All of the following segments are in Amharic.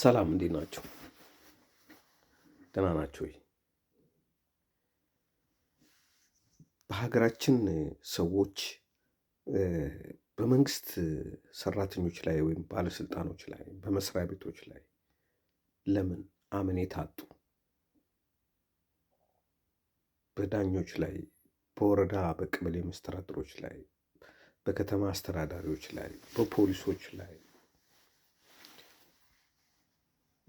ሰላም እንዴት ናቸው? ደህና ናቸው ወይ? በሀገራችን ሰዎች በመንግስት ሰራተኞች ላይ ወይም ባለስልጣኖች ላይ በመስሪያ ቤቶች ላይ ለምን አመኔታ አጡ? በዳኞች ላይ፣ በወረዳ በቀበሌ መስተዳድሮች ላይ፣ በከተማ አስተዳዳሪዎች ላይ፣ በፖሊሶች ላይ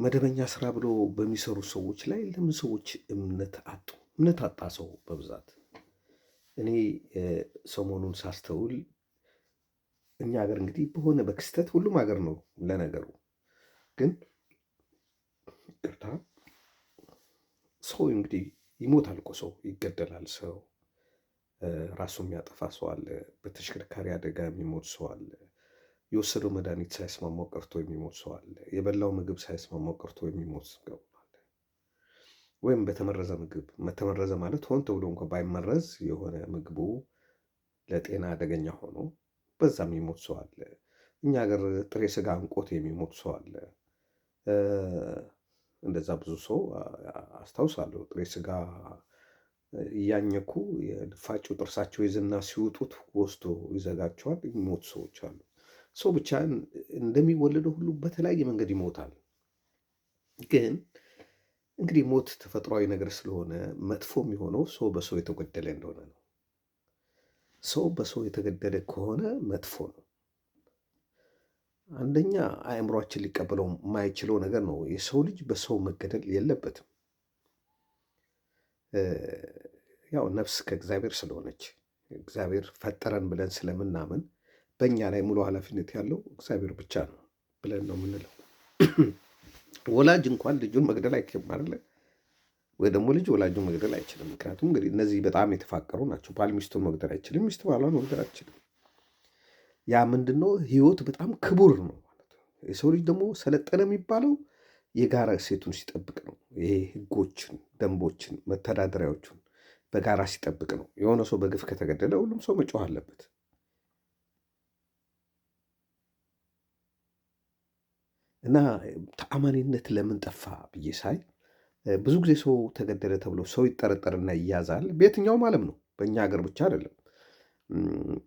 መደበኛ ስራ ብሎ በሚሰሩ ሰዎች ላይ ለምን ሰዎች እምነት አጡ? እምነት አጣ ሰው በብዛት እኔ ሰሞኑን ሳስተውል እኛ ሀገር እንግዲህ በሆነ በክስተት ሁሉም ሀገር ነው ለነገሩ ግን ቅርታ ሰው እንግዲህ ይሞታል እኮ ሰው ይገደላል ሰው ራሱ የሚያጠፋ ሰው አለ በተሽከርካሪ አደጋ የሚሞት ሰው አለ የወሰደው መድኃኒት ሳይስማማው ቀርቶ የሚሞት ሰው አለ። የበላው ምግብ ሳይስማማው ቀርቶ የሚሞት ሰው አለ። ወይም በተመረዘ ምግብ መተመረዘ ማለት ሆን ተብሎ እንኳ ባይመረዝ የሆነ ምግቡ ለጤና አደገኛ ሆኖ በዛ የሚሞት ሰው አለ። እኛ ሀገር ጥሬ ስጋ እንቆት የሚሞት ሰው አለ። እንደዛ ብዙ ሰው አስታውሳለሁ። ጥሬ ስጋ እያኘኩ የልፋጩ ጥርሳቸው የዝና ሲውጡት ወስዶ ይዘጋቸዋል። የሚሞቱ ሰዎች አሉ። ሰው ብቻ እንደሚወለደው ሁሉ በተለያየ መንገድ ይሞታል። ግን እንግዲህ ሞት ተፈጥሯዊ ነገር ስለሆነ መጥፎ የሚሆነው ሰው በሰው የተጎደለ እንደሆነ ነው። ሰው በሰው የተገደለ ከሆነ መጥፎ ነው። አንደኛ አእምሯችን ሊቀበለው የማይችለው ነገር ነው። የሰው ልጅ በሰው መገደል የለበትም። ያው ነፍስ ከእግዚአብሔር ስለሆነች እግዚአብሔር ፈጠረን ብለን ስለምናምን በእኛ ላይ ሙሉ ኃላፊነት ያለው እግዚአብሔር ብቻ ነው ብለን ነው የምንለው። ወላጅ እንኳን ልጁን መግደል አይችልም አለ ወይ ደግሞ ልጅ ወላጁን መግደል አይችልም። ምክንያቱም እንግዲህ እነዚህ በጣም የተፋቀሩ ናቸው። ባል ሚስቱን መግደል አይችልም፣ ሚስት ባሏን መግደል አይችልም። ያ ምንድነው ህይወት በጣም ክቡር ነው ማለት ነው። የሰው ልጅ ደግሞ ሰለጠነ የሚባለው የጋራ እሴቱን ሲጠብቅ ነው። ይሄ ህጎችን፣ ደንቦችን፣ መተዳደሪያዎቹን በጋራ ሲጠብቅ ነው። የሆነ ሰው በግፍ ከተገደለ ሁሉም ሰው መጮህ አለበት። እና ተአማኒነት ለምን ጠፋ ብዬ ሳይ ብዙ ጊዜ ሰው ተገደለ ተብሎ ሰው ይጠረጠርና ይያዛል። በየትኛውም ዓለም ነው፣ በእኛ ሀገር ብቻ አይደለም።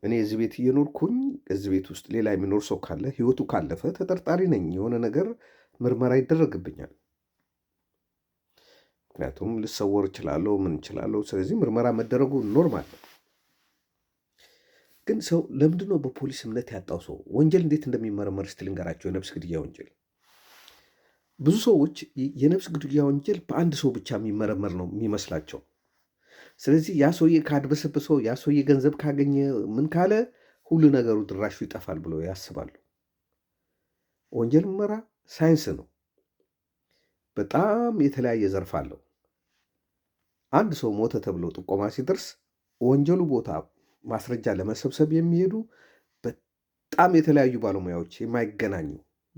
እኔ እዚህ ቤት እየኖርኩኝ እዚህ ቤት ውስጥ ሌላ የሚኖር ሰው ካለ ህይወቱ ካለፈ ተጠርጣሪ ነኝ። የሆነ ነገር ምርመራ ይደረግብኛል። ምክንያቱም ልሰወር እችላለሁ፣ ምን እችላለሁ። ስለዚህ ምርመራ መደረጉ ኖርማል ነው። ግን ሰው ለምንድነው በፖሊስ እምነት ያጣው? ሰው ወንጀል እንዴት እንደሚመረመር ስትልንገራቸው የነብስ ግድያ ወንጀል ብዙ ሰዎች የነፍስ ግድያ ወንጀል በአንድ ሰው ብቻ የሚመረመር ነው የሚመስላቸው። ስለዚህ ያ ሰውዬ ካድበሰበሰ ያ ሰውዬ ገንዘብ ካገኘ፣ ምን ካለ ሁሉ ነገሩ ድራሹ ይጠፋል ብለው ያስባሉ። ወንጀል ምርመራ ሳይንስ ነው። በጣም የተለያየ ዘርፍ አለው። አንድ ሰው ሞተ ተብሎ ጥቆማ ሲደርስ ወንጀሉ ቦታ ማስረጃ ለመሰብሰብ የሚሄዱ በጣም የተለያዩ ባለሙያዎች የማይገናኙ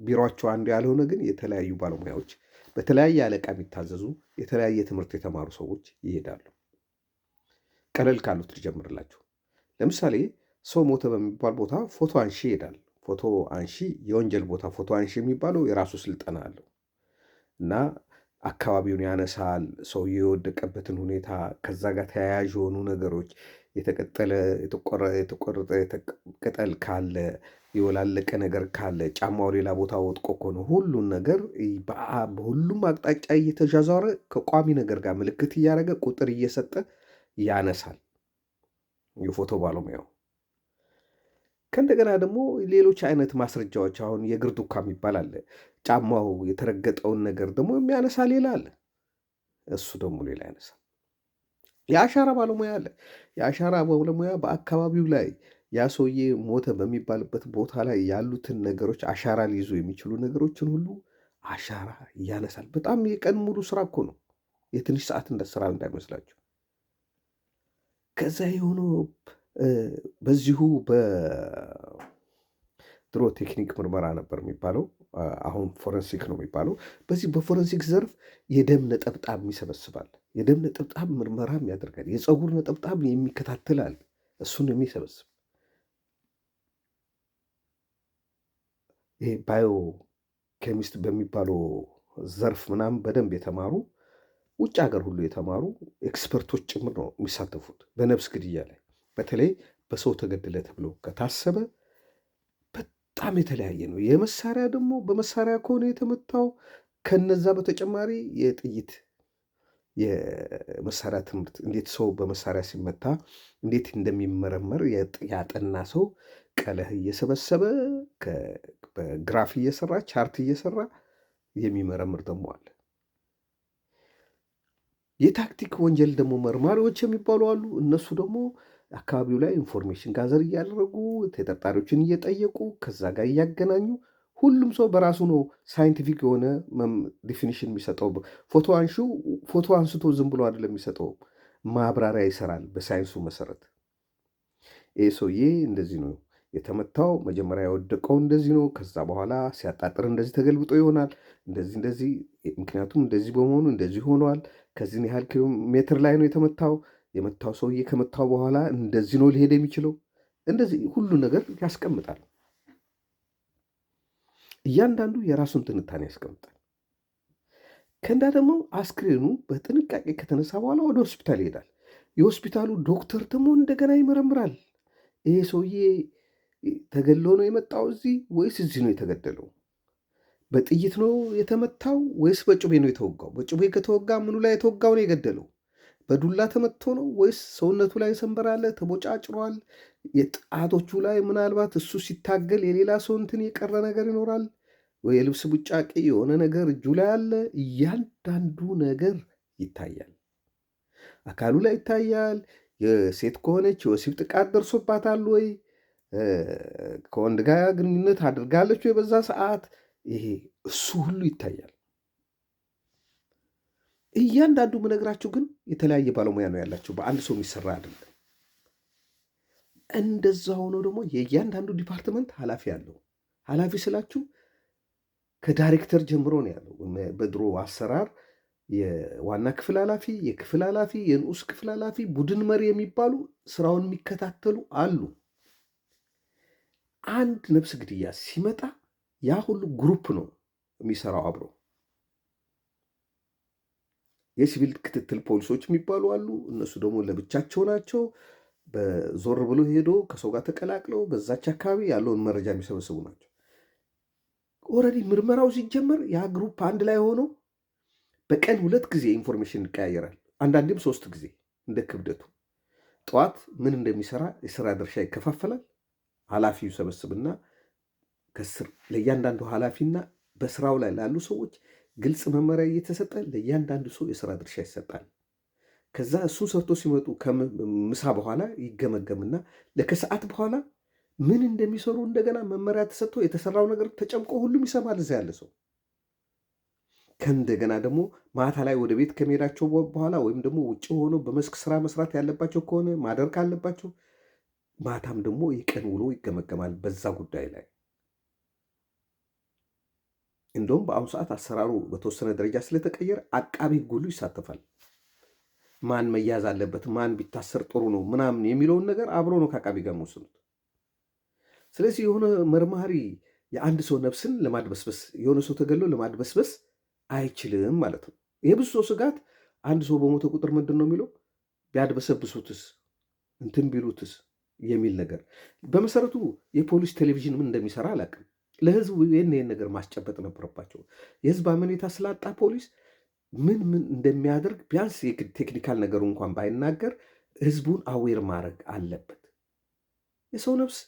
ቢሯቸው አንዱ ያልሆነ ግን የተለያዩ ባለሙያዎች በተለያየ አለቃ የሚታዘዙ የተለያየ ትምህርት የተማሩ ሰዎች ይሄዳሉ። ቀለል ካሉት ልጀምርላችሁ። ለምሳሌ ሰው ሞተ በሚባል ቦታ ፎቶ አንሺ ይሄዳል። ፎቶ አንሺ የወንጀል ቦታ ፎቶ አንሺ የሚባለው የራሱ ስልጠና አለው እና አካባቢውን ያነሳል። ሰው የወደቀበትን ሁኔታ ከዛ ጋር ተያያዥ የሆኑ ነገሮች የተቀጠለ የተቆረጠ ቅጠል ካለ የወላለቀ ነገር ካለ ጫማው ሌላ ቦታ ወጥቆ ከሆነ ሁሉን ነገር በሁሉም አቅጣጫ እየተዣዛረ ከቋሚ ነገር ጋር ምልክት እያደረገ ቁጥር እየሰጠ ያነሳል የፎቶ ባለሙያው። ከእንደገና ደግሞ ሌሎች አይነት ማስረጃዎች አሁን የእግር ዱካ የሚባል አለ። ጫማው የተረገጠውን ነገር ደግሞ የሚያነሳ ሌላ አለ። እሱ ደግሞ ሌላ ያነሳል። የአሻራ ባለሙያ አለ። የአሻራ ባለሙያ በአካባቢው ላይ ያ ሰውዬ ሞተ በሚባልበት ቦታ ላይ ያሉትን ነገሮች አሻራ ሊይዙ የሚችሉ ነገሮችን ሁሉ አሻራ ያነሳል። በጣም የቀን ሙሉ ስራ እኮ ነው። የትንሽ ሰዓት እንደ ስራ እንዳይመስላችሁ። ከዛ የሆነው በዚሁ በድሮ ቴክኒክ ምርመራ ነበር የሚባለው፣ አሁን ፎረንሲክ ነው የሚባለው። በዚህ በፎረንሲክ ዘርፍ የደም ነጠብጣብ ይሰበስባል። የደም ነጠብጣብ ምርመራም ያደርጋል። የፀጉር ነጠብጣብ የሚከታተላል። እሱን የሚሰበስብ ይሄ ባዮ ኬሚስት በሚባለው ዘርፍ ምናምን በደንብ የተማሩ ውጭ ሀገር ሁሉ የተማሩ ኤክስፐርቶች ጭምር ነው የሚሳተፉት በነብስ ግድያ ላይ በተለይ በሰው ተገደለ ተብሎ ከታሰበ በጣም የተለያየ ነው። የመሳሪያ ደግሞ በመሳሪያ ከሆነ የተመታው ከነዛ በተጨማሪ የጥይት የመሳሪያ ትምህርት እንዴት ሰው በመሳሪያ ሲመታ እንዴት እንደሚመረመር ያጠና ሰው ቀለህ እየሰበሰበ በግራፍ እየሰራ ቻርት እየሰራ የሚመረምር ደግሞ አለ። የታክቲክ ወንጀል ደግሞ መርማሪዎች የሚባሉ አሉ። እነሱ ደግሞ አካባቢው ላይ ኢንፎርሜሽን ጋዘር እያደረጉ ተጠርጣሪዎችን እየጠየቁ ከዛ ጋር እያገናኙ ሁሉም ሰው በራሱ ነው ሳይንቲፊክ የሆነ ዲፊኒሽን የሚሰጠው። ፎቶ አንሹ ፎቶ አንስቶ ዝም ብሎ አይደለም የሚሰጠው፣ ማብራሪያ ይሰራል በሳይንሱ መሰረት። ይህ ሰውዬ እንደዚህ ነው የተመታው መጀመሪያ የወደቀው እንደዚህ ነው፣ ከዛ በኋላ ሲያጣጥር እንደዚህ ተገልብጦ ይሆናል፣ እንደዚህ እንደዚህ፣ ምክንያቱም እንደዚህ በመሆኑ እንደዚህ ሆኗል፣ ከዚህን ያህል ኪሎ ሜትር ላይ ነው የተመታው፣ የመታው ሰውዬ ከመታው በኋላ እንደዚህ ነው ሊሄድ የሚችለው፣ እንደዚህ ሁሉ ነገር ያስቀምጣል። እያንዳንዱ የራሱን ትንታኔ ያስቀምጣል። ከእንዳ ደግሞ አስክሬኑ በጥንቃቄ ከተነሳ በኋላ ወደ ሆስፒታል ይሄዳል። የሆስፒታሉ ዶክተር ደግሞ እንደገና ይመረምራል። ይሄ ሰውዬ ተገድሎ ነው የመጣው እዚህ ወይስ እዚህ ነው የተገደለው? በጥይት ነው የተመታው ወይስ በጩቤ ነው የተወጋው? በጩቤ ከተወጋ ምኑ ላይ የተወጋው ነው የገደለው? በዱላ ተመትቶ ነው ወይስ ሰውነቱ ላይ ሰንበራለ፣ ተቦጫጭሯል? የጣቶቹ ላይ ምናልባት እሱ ሲታገል የሌላ ሰው እንትን የቀረ ነገር ይኖራል ወይ የልብስ ቡጫቂ የሆነ ነገር እጁ ላይ አለ። እያንዳንዱ ነገር ይታያል። አካሉ ላይ ይታያል። የሴት ከሆነች የወሲብ ጥቃት ደርሶባታል ወይ ከወንድ ጋር ግንኙነት አድርጋለች ወይ በዛ ሰዓት? ይሄ እሱ ሁሉ ይታያል። እያንዳንዱ ምነግራችሁ ግን የተለያየ ባለሙያ ነው ያላቸው፣ በአንድ ሰው የሚሰራ አይደለም። እንደዛ ሆኖ ደግሞ የእያንዳንዱ ዲፓርትመንት ኃላፊ አለው። ኃላፊ ስላችሁ ከዳይሬክተር ጀምሮ ነው ያለው። በድሮ አሰራር የዋና ክፍል ኃላፊ፣ የክፍል ኃላፊ፣ የንዑስ ክፍል ኃላፊ፣ ቡድን መሪ የሚባሉ ስራውን የሚከታተሉ አሉ። አንድ ነፍስ ግድያ ሲመጣ ያ ሁሉ ግሩፕ ነው የሚሰራው አብሮ። የሲቪል ክትትል ፖሊሶች የሚባሉ አሉ። እነሱ ደግሞ ለብቻቸው ናቸው። በዞር ብሎ ሄዶ ከሰው ጋር ተቀላቅለው በዛች አካባቢ ያለውን መረጃ የሚሰበስቡ ናቸው። ኦልሬዲ ምርመራው ሲጀመር ያ ግሩፕ አንድ ላይ ሆኖ በቀን ሁለት ጊዜ ኢንፎርሜሽን ይቀያየራል። አንዳንዴም ሶስት ጊዜ እንደ ክብደቱ። ጠዋት ምን እንደሚሰራ የስራ ድርሻ ይከፋፈላል። ኃላፊ ሰበስብና ከስር ለእያንዳንዱ ኃላፊና በስራው ላይ ላሉ ሰዎች ግልጽ መመሪያ እየተሰጠ ለእያንዳንዱ ሰው የስራ ድርሻ ይሰጣል። ከዛ እሱ ሰርቶ ሲመጡ ከምሳ በኋላ ይገመገምና ለከሰዓት በኋላ ምን እንደሚሰሩ እንደገና መመሪያ ተሰጥቶ የተሰራው ነገር ተጨምቆ ሁሉም ይሰማል እዛ ያለ ሰው። ከእንደገና ደግሞ ማታ ላይ ወደ ቤት ከመሄዳቸው በኋላ ወይም ደግሞ ውጭ ሆኖ በመስክ ስራ መስራት ያለባቸው ከሆነ ማደር ካለባቸው ማታም ደግሞ የቀን ውሎ ይገመገማል በዛ ጉዳይ ላይ። እንደውም በአሁኑ ሰዓት አሰራሩ በተወሰነ ደረጃ ስለተቀየረ አቃቢ ጉሉ ሁሉ ይሳተፋል። ማን መያዝ አለበት፣ ማን ቢታሰር ጥሩ ነው ምናምን የሚለውን ነገር አብሮ ነው ከአቃቢ ጋር የሚወስኑት። ስለዚህ የሆነ መርማሪ የአንድ ሰው ነፍስን ለማድበስበስ የሆነ ሰው ተገሎ ለማድበስበስ አይችልም ማለት ነው። ይሄ ብዙ ሰው ስጋት፣ አንድ ሰው በሞተ ቁጥር ምንድን ነው የሚለው ቢያድበሰብሱትስ እንትን ቢሉትስ የሚል ነገር በመሰረቱ የፖሊስ ቴሌቪዥን ምን እንደሚሰራ አላውቅም። ለህዝቡ ይህን ይህን ነገር ማስጨበጥ ነበረባቸው። የህዝብ አመኔታ ስላጣ ፖሊስ ምን ምን እንደሚያደርግ ቢያንስ ቴክኒካል ነገሩ እንኳን ባይናገር ህዝቡን አዌር ማድረግ አለበት። የሰው ነፍስ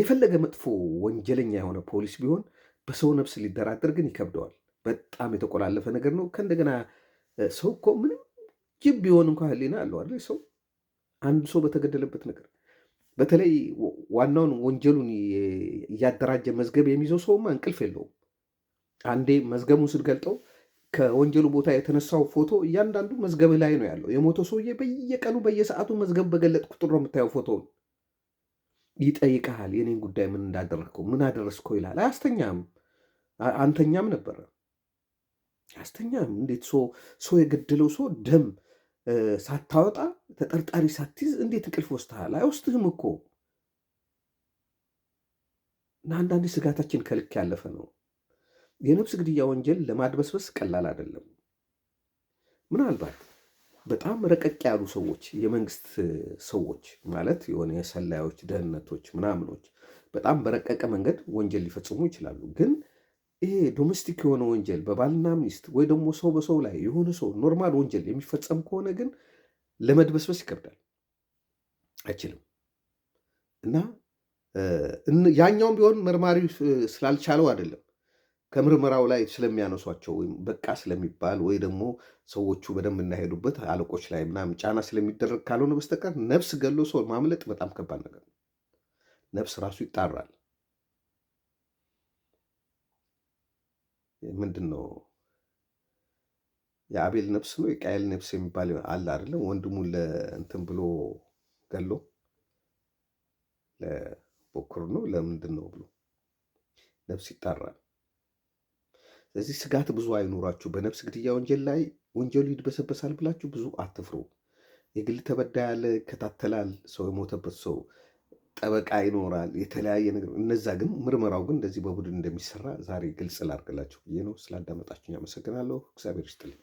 የፈለገ መጥፎ ወንጀለኛ የሆነ ፖሊስ ቢሆን በሰው ነፍስ ሊደራደር ግን ይከብደዋል። በጣም የተቆላለፈ ነገር ነው። ከእንደገና ሰው እኮ ምንም ጅብ ቢሆን እንኳ ህሊና አለው አይደል ሰው አንድ ሰው በተገደለበት ነገር በተለይ ዋናውን ወንጀሉን እያደራጀ መዝገብ የሚይዘው ሰውማ እንቅልፍ የለውም። አንዴ መዝገቡን ስትገልጠው ከወንጀሉ ቦታ የተነሳው ፎቶ እያንዳንዱ መዝገብ ላይ ነው ያለው። የሞተ ሰውዬ በየቀኑ በየሰዓቱ መዝገብ በገለጥ ቁጥር ነው የምታየው ፎቶውን። ይጠይቀሃል፣ የኔን ጉዳይ ምን እንዳደረግከው ምን አደረስከው ይላል። አያስተኛም፣ አንተኛም ነበረ አያስተኛም። እንዴት ሰው ሰው የገደለው ሰው ደም ሳታወጣ ተጠርጣሪ ሳትይዝ እንዴት እንቅልፍ ወስድሃል? አይወስድህም እኮ እና አንዳንዴ ስጋታችን ከልክ ያለፈ ነው። የነፍስ ግድያ ወንጀል ለማድበስበስ ቀላል አይደለም። ምናልባት በጣም ረቀቅ ያሉ ሰዎች፣ የመንግስት ሰዎች ማለት የሆነ የሰላዮች ደህንነቶች ምናምኖች በጣም በረቀቀ መንገድ ወንጀል ሊፈጽሙ ይችላሉ ግን ይሄ ዶሜስቲክ የሆነ ወንጀል በባልና ሚስት ወይ ደግሞ ሰው በሰው ላይ የሆነ ሰው ኖርማል ወንጀል የሚፈጸም ከሆነ ግን ለመድበስበስ ይከብዳል፣ አይችልም እና ያኛውም ቢሆን መርማሪ ስላልቻለው አይደለም ከምርመራው ላይ ስለሚያነሷቸው ወይም በቃ ስለሚባል ወይ ደግሞ ሰዎቹ በደንብ እናሄዱበት አለቆች ላይ ምናምን ጫና ስለሚደረግ ካልሆነ በስተቀር ነፍስ ገሎ ሰው ማምለጥ በጣም ከባድ ነገር ነው። ነፍስ ራሱ ይጣራል። ምንድን ነው የአቤል ነፍስ ነው የቃየል ነፍስ የሚባል አለ አይደለም? ወንድሙን ለእንትን ብሎ ገሎ ለቦክር ነው ለምንድን ነው ብሎ ነፍስ ይጣራል። ስለዚህ ስጋት ብዙ አይኖራችሁ። በነፍስ ግድያ ወንጀል ላይ ወንጀሉ ይድበሰበሳል ብላችሁ ብዙ አትፍሩ። የግል ተበዳይ ያለ ይከታተላል ሰው የሞተበት ሰው ጠበቃ ይኖራል፣ የተለያየ ነገር እነዛ ግን ምርመራው ግን እንደዚህ በቡድን እንደሚሰራ ዛሬ ግልጽ ላድርግላችሁ ብዬ ነው። ስላዳመጣችሁ አመሰግናለሁ። እግዚአብሔር ይስጥልኝ።